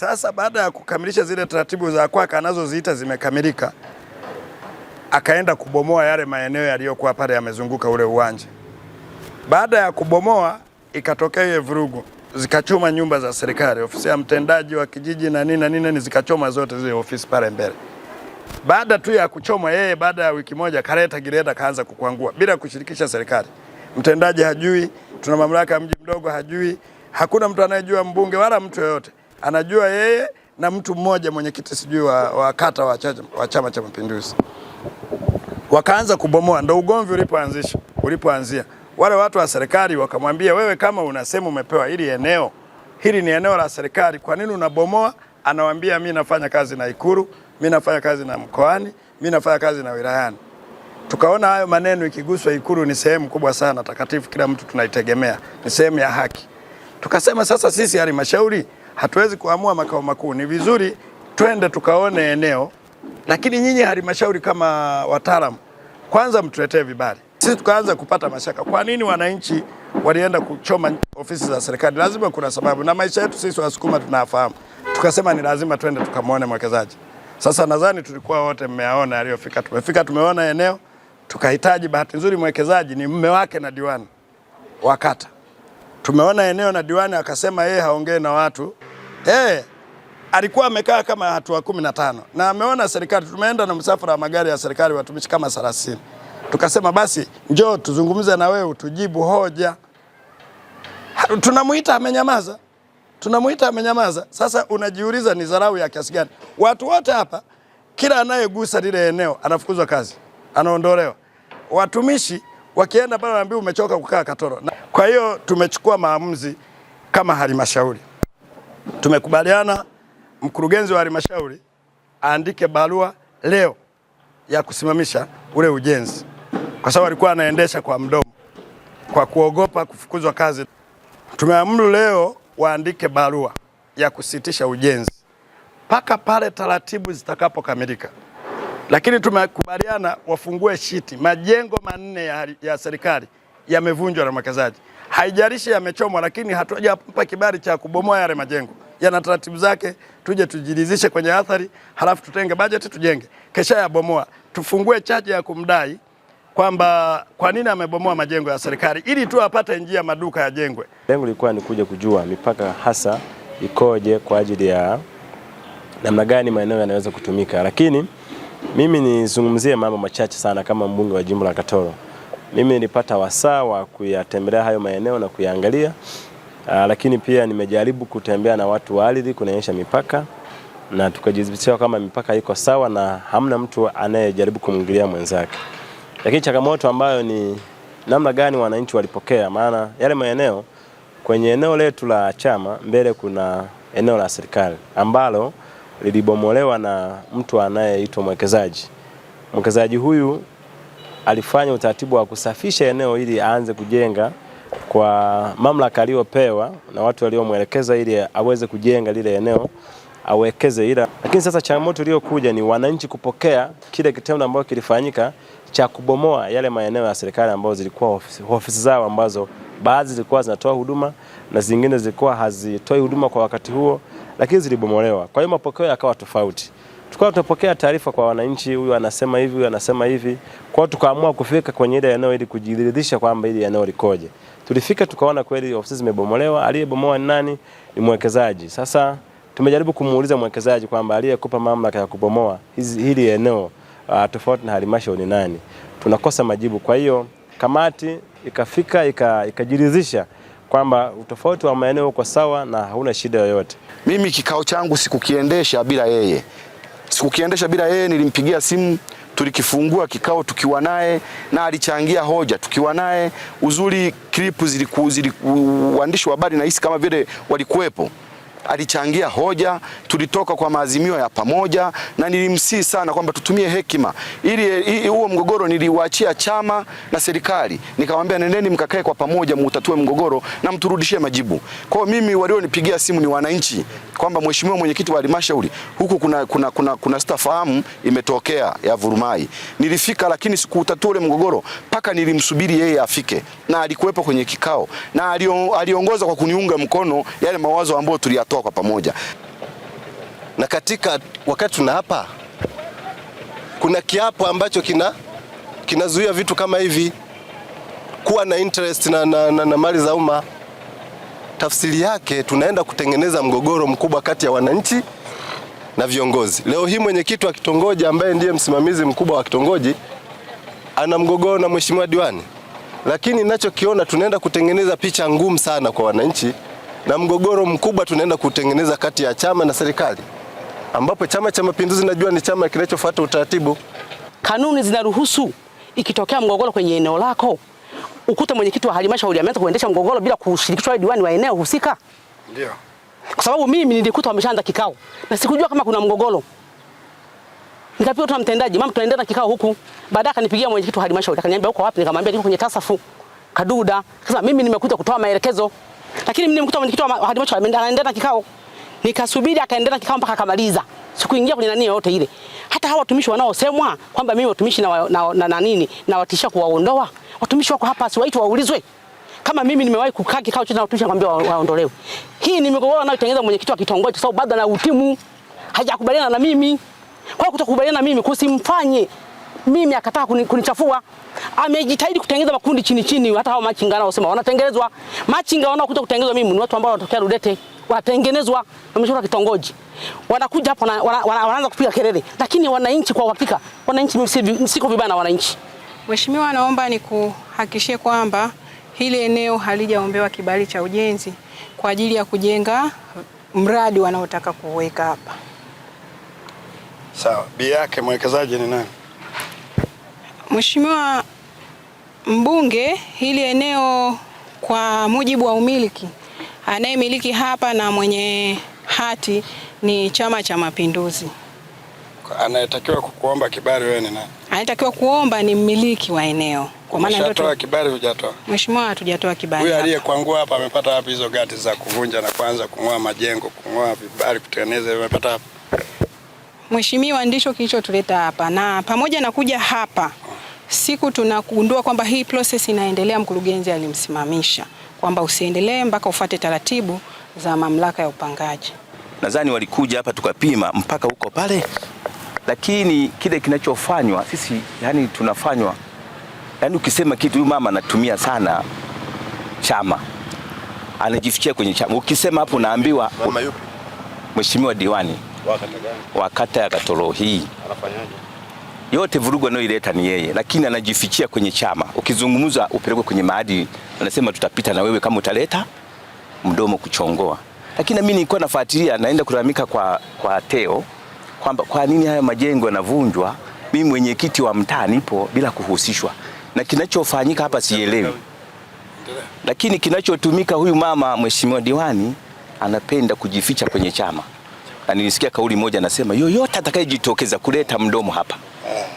Sasa baada ya kukamilisha zile taratibu za kwaka anazoziita zimekamilika, akaenda kubomoa yale maeneo yaliyokuwa pale yamezunguka ule uwanja. Baada ya kubomoa, ikatokea ile vurugu, zikachoma nyumba za serikali, ofisi ya mtendaji wa kijiji na nini na nini, zikachoma zote zile ofisi pale mbele. Baada tu ya kuchoma yeye baada ya wiki moja kaleta gireda kaanza kukwangua bila kushirikisha serikali. Mtendaji hajui, tuna mamlaka ya mji mdogo hajui, hakuna mtu anayejua, mbunge wala mtu yoyote anajua yeye na mtu mmoja mwenyekiti sijui wa, wa kata wa, wa Chama cha Mapinduzi wakaanza kubomoa, ndo ugomvi ulipoanzisha ulipoanzia. Wale watu wa serikali wakamwambia, wewe kama unasema umepewa hili eneo, hili ni eneo la serikali, kwa nini unabomoa? anawambia mi nafanya kazi na Ikuru, mi nafanya kazi na mkoani, mi nafanya kazi na wilayani. Tukaona hayo maneno, ikiguswa Ikuru ni sehemu kubwa sana takatifu, kila mtu tunaitegemea, ni sehemu ya haki. Tukasema sasa sisi halmashauri hatuwezi kuamua makao makuu. Ni vizuri twende tukaone eneo, lakini nyinyi halmashauri kama wataalamu, kwanza mtuletee vibali. Sisi tukaanza kupata mashaka, kwa nini wananchi walienda kuchoma ofisi za serikali? Lazima kuna sababu, na maisha yetu sisi Wasukuma tunafahamu. Tukasema ni lazima twende tukamwone mwekezaji. Sasa nadhani tulikuwa wote mmeaona aliyofika. Tumefika tumeona eneo tukahitaji. Bahati nzuri mwekezaji ni mme wake na diwani wakata, tumeona eneo na diwani akasema yeye haongee na watu Eh, alikuwa amekaa kama hatua kumi na tano na ameona serikali. Tumeenda na msafara wa magari ya serikali watumishi kama 30. Tukasema basi njoo tuzungumze na wewe utujibu hoja. Tunamuita amenyamaza, tunamuita amenyamaza. Sasa unajiuliza ni dharau ya kiasi gani? Watu wote hapa, kila anayegusa lile eneo anafukuzwa kazi, anaondolewa. Watumishi wakienda pale wanaambiwa umechoka kukaa Katoro. Kwa hiyo tumechukua maamuzi kama halmashauri Tumekubaliana mkurugenzi wa halmashauri aandike barua leo ya kusimamisha ule ujenzi, kwa sababu alikuwa anaendesha kwa mdomo kwa kuogopa kufukuzwa kazi. Tumeamuru leo waandike barua ya kusitisha ujenzi mpaka pale taratibu zitakapokamilika, lakini tumekubaliana wafungue shiti. Majengo manne ya, ya serikali yamevunjwa na mwekezaji haijarishi yamechomwa, lakini hatujampa kibali cha kubomoa yale majengo. Yana taratibu zake, tuje tujiridhishe kwenye athari, halafu tutenge bajeti tujenge. Kesha yabomoa, tufungue chaji ya kumdai kwamba kwa nini amebomoa majengo ya serikali ili tu apate njia maduka yajengwe. Lengo lilikuwa ni kuja kujua mipaka hasa ikoje kwa ajili ya namna gani maeneo yanaweza kutumika, lakini mimi nizungumzie mambo machache sana kama mbunge wa jimbo la Katoro mimi nilipata wasaa wa kuyatembelea hayo maeneo na kuyaangalia. Aa, ah, lakini pia nimejaribu kutembea na watu wa ardhi kunaonyesha mipaka na tukajidhibitisha kama mipaka iko sawa na hamna mtu anayejaribu kumwingilia mwenzake. Lakini changamoto ambayo ni namna gani wananchi walipokea, maana yale maeneo kwenye eneo letu la chama mbele kuna eneo la serikali ambalo lilibomolewa na mtu anayeitwa mwekezaji. Mwekezaji huyu alifanya utaratibu wa kusafisha eneo ili aanze kujenga kwa mamlaka aliyopewa na watu waliomwelekeza ili aweze kujenga lile eneo awekeze, ila lakini sasa changamoto iliyokuja ni wananchi kupokea kile kitendo ambacho kilifanyika cha kubomoa yale maeneo ya serikali ambayo zilikuwa ofisi, ofisi zao ambazo baadhi zilikuwa zinatoa huduma na zingine zilikuwa hazitoi huduma kwa wakati huo, lakini zilibomolewa. Kwa hiyo mapokeo yakawa tofauti. Tukawa tunapokea taarifa kwa wananchi, huyu anasema hivi, huyu anasema hivi. Kwao tukaamua kufika kwenye ile eneo ili kujiridhisha kwamba ile eneo likoje. Tulifika tukaona kweli ofisi zimebomolewa, aliyebomoa ni nani? Ni mwekezaji. Sasa tumejaribu kumuuliza mwekezaji kwamba aliyekupa mamlaka ya kubomoa hili eneo uh, tofauti na halmashauri ni nani? Tunakosa majibu. Kwa hiyo kamati ikafika ikajiridhisha kwamba utofauti wa maeneo uko sawa na hauna shida yoyote. Mimi kikao changu sikukiendesha bila yeye. Sikukiendesha bila yeye, nilimpigia simu, tulikifungua kikao tukiwa naye na alichangia hoja tukiwa naye. Uzuri klipu zilikuwa ziliku, waandishi wa habari nahisi kama vile walikuwepo alichangia hoja, tulitoka kwa maazimio ya pamoja, na nilimsihi sana kwamba tutumie hekima ili huo mgogoro niliuachia chama na serikali, nikamwambia nendeni mkakae kwa pamoja, mutatue mgogoro na mturudishie majibu. Kwa hiyo mimi walionipigia simu ni wananchi, kwamba mheshimiwa mwenyekiti wa halmashauri, huku kuna, kuna, kuna, kuna sitafahamu imetokea ya vurumai. Nilifika lakini sikutatua ule mgogoro mpaka nilimsubiri yeye afike, na alikuwepo kwenye kikao na aliongoza kwa kuniunga mkono yale mawazo ambayo tulia tunatoa kwa pamoja. Na katika wakati tunaapa, kuna kiapo ambacho kina kinazuia vitu kama hivi kuwa na interest na, na, na, na mali za umma. Tafsiri yake tunaenda kutengeneza mgogoro mkubwa kati ya wananchi na viongozi. Leo hii mwenyekiti wa kitongoji ambaye ndiye msimamizi mkubwa wa kitongoji ana mgogoro na mheshimiwa diwani, lakini ninachokiona tunaenda kutengeneza picha ngumu sana kwa wananchi na mgogoro mkubwa tunaenda kutengeneza kati ya chama na serikali, ambapo Chama cha Mapinduzi najua ni chama kinachofuata utaratibu. Kanuni zinaruhusu ikitokea mgogoro kwenye eneo lako ukute mwenyekiti wa halmashauri ameanza kuendesha mgogoro bila kushirikishwa diwani wa eneo husika. Ndio. Kwa sababu mimi nilikuta wameshaanza kikao na sikujua kama kuna mgogoro. Nikapiga tu mtendaji, mama tunaendelea na kikao huku. Baadaye akanipigia mwenyekiti wa halmashauri akaniambia uko wapi? Nikamwambia niko kwenye tasafu Kaduda. Sasa mimi nimekuja kutoa maelekezo lakini mimi nimekuta mwenyekiti wa halmashauri anaenda na kikao, nikasubiri akaendelea kikao mpaka akamaliza. Sikuingia kwenye nani yote ile. Hata hawa watumishi wanaosemwa kwamba mimi watumishi na, na, na, na nini na watisha kuwaondoa watumishi wako hapa, siwaiti waulizwe kama mimi nimewahi kukaa kikao cha watumishi nakwambia waondolewe. Hii ni nayo anayotengeneza mwenyekiti wa kitongoji kwa sababu bado na utimu, hajakubaliana na mimi. Kwa kutokubaliana na mimi kusimfanye mimi akataka kunichafua. Amejitahidi kutengeneza makundi chini chini, hata hao machinga nao sema wanatengenezwa. Machinga wanaokuja kutengenezwa mimi ni watu ambao wanatokea Rudete, wanatengenezwa wameshora kitongoji, wanakuja hapo wana, wana, wana, wanaanza kupiga kelele, lakini wananchi, kwa uhakika wananchi, mimi siko vibaya na wananchi. Mheshimiwa, naomba nikuhakikishie kwamba hili eneo halijaombewa kibali cha ujenzi kwa ajili ya kujenga mradi wanaotaka kuweka hapa. Sawa, bi yake mwekezaji ni nani? Mheshimiwa Mbunge, hili eneo kwa mujibu wa umiliki anayemiliki hapa na mwenye hati ni Chama cha Mapinduzi. Anayetakiwa kukuomba kibali wewe ni nani? Anayetakiwa kuomba ni mmiliki wa eneo. Kwa maana ndio tu... kibali hujatoa. Mheshimiwa, hatujatoa kibali. Huyu aliyekwangua hapa amepata wapi hizo gati za kuvunja na kuanza kung'oa majengo, kung'oa vibali, kutengeneza amepata wapi? Mheshimiwa, ndicho kilichotuleta hapa na pamoja na kuja hapa hmm siku tunagundua kwamba hii process inaendelea, mkurugenzi alimsimamisha kwamba usiendelee mpaka ufate taratibu za mamlaka ya upangaji. Nadhani walikuja hapa tukapima mpaka huko pale, lakini kile kinachofanywa sisi, yani tunafanywa, yani ukisema kitu, huyu mama anatumia sana chama, anajifichia kwenye chama. Ukisema hapo naambiwa mheshimiwa diwani wa kata ya Katoro hii anafanyaje? yote vurugu anayoileta ni yeye, lakini anajifichia kwenye chama. Ukizungumza upelekwe kwenye maadili, anasema tutapita na wewe kama utaleta mdomo kuchongoa. Lakini mimi nilikuwa nafuatilia, naenda kulalamika kwa, kwa Teo kwamba kwa nini haya majengo yanavunjwa, mimi mwenyekiti wa mtaa nipo bila kuhusishwa na kinachofanyika hapa, sielewi. Lakini kinachotumika huyu mama, mheshimiwa diwani, anapenda kujificha kwenye chama, na nilisikia kauli moja anasema yoyote atakayejitokeza kuleta mdomo hapa uh,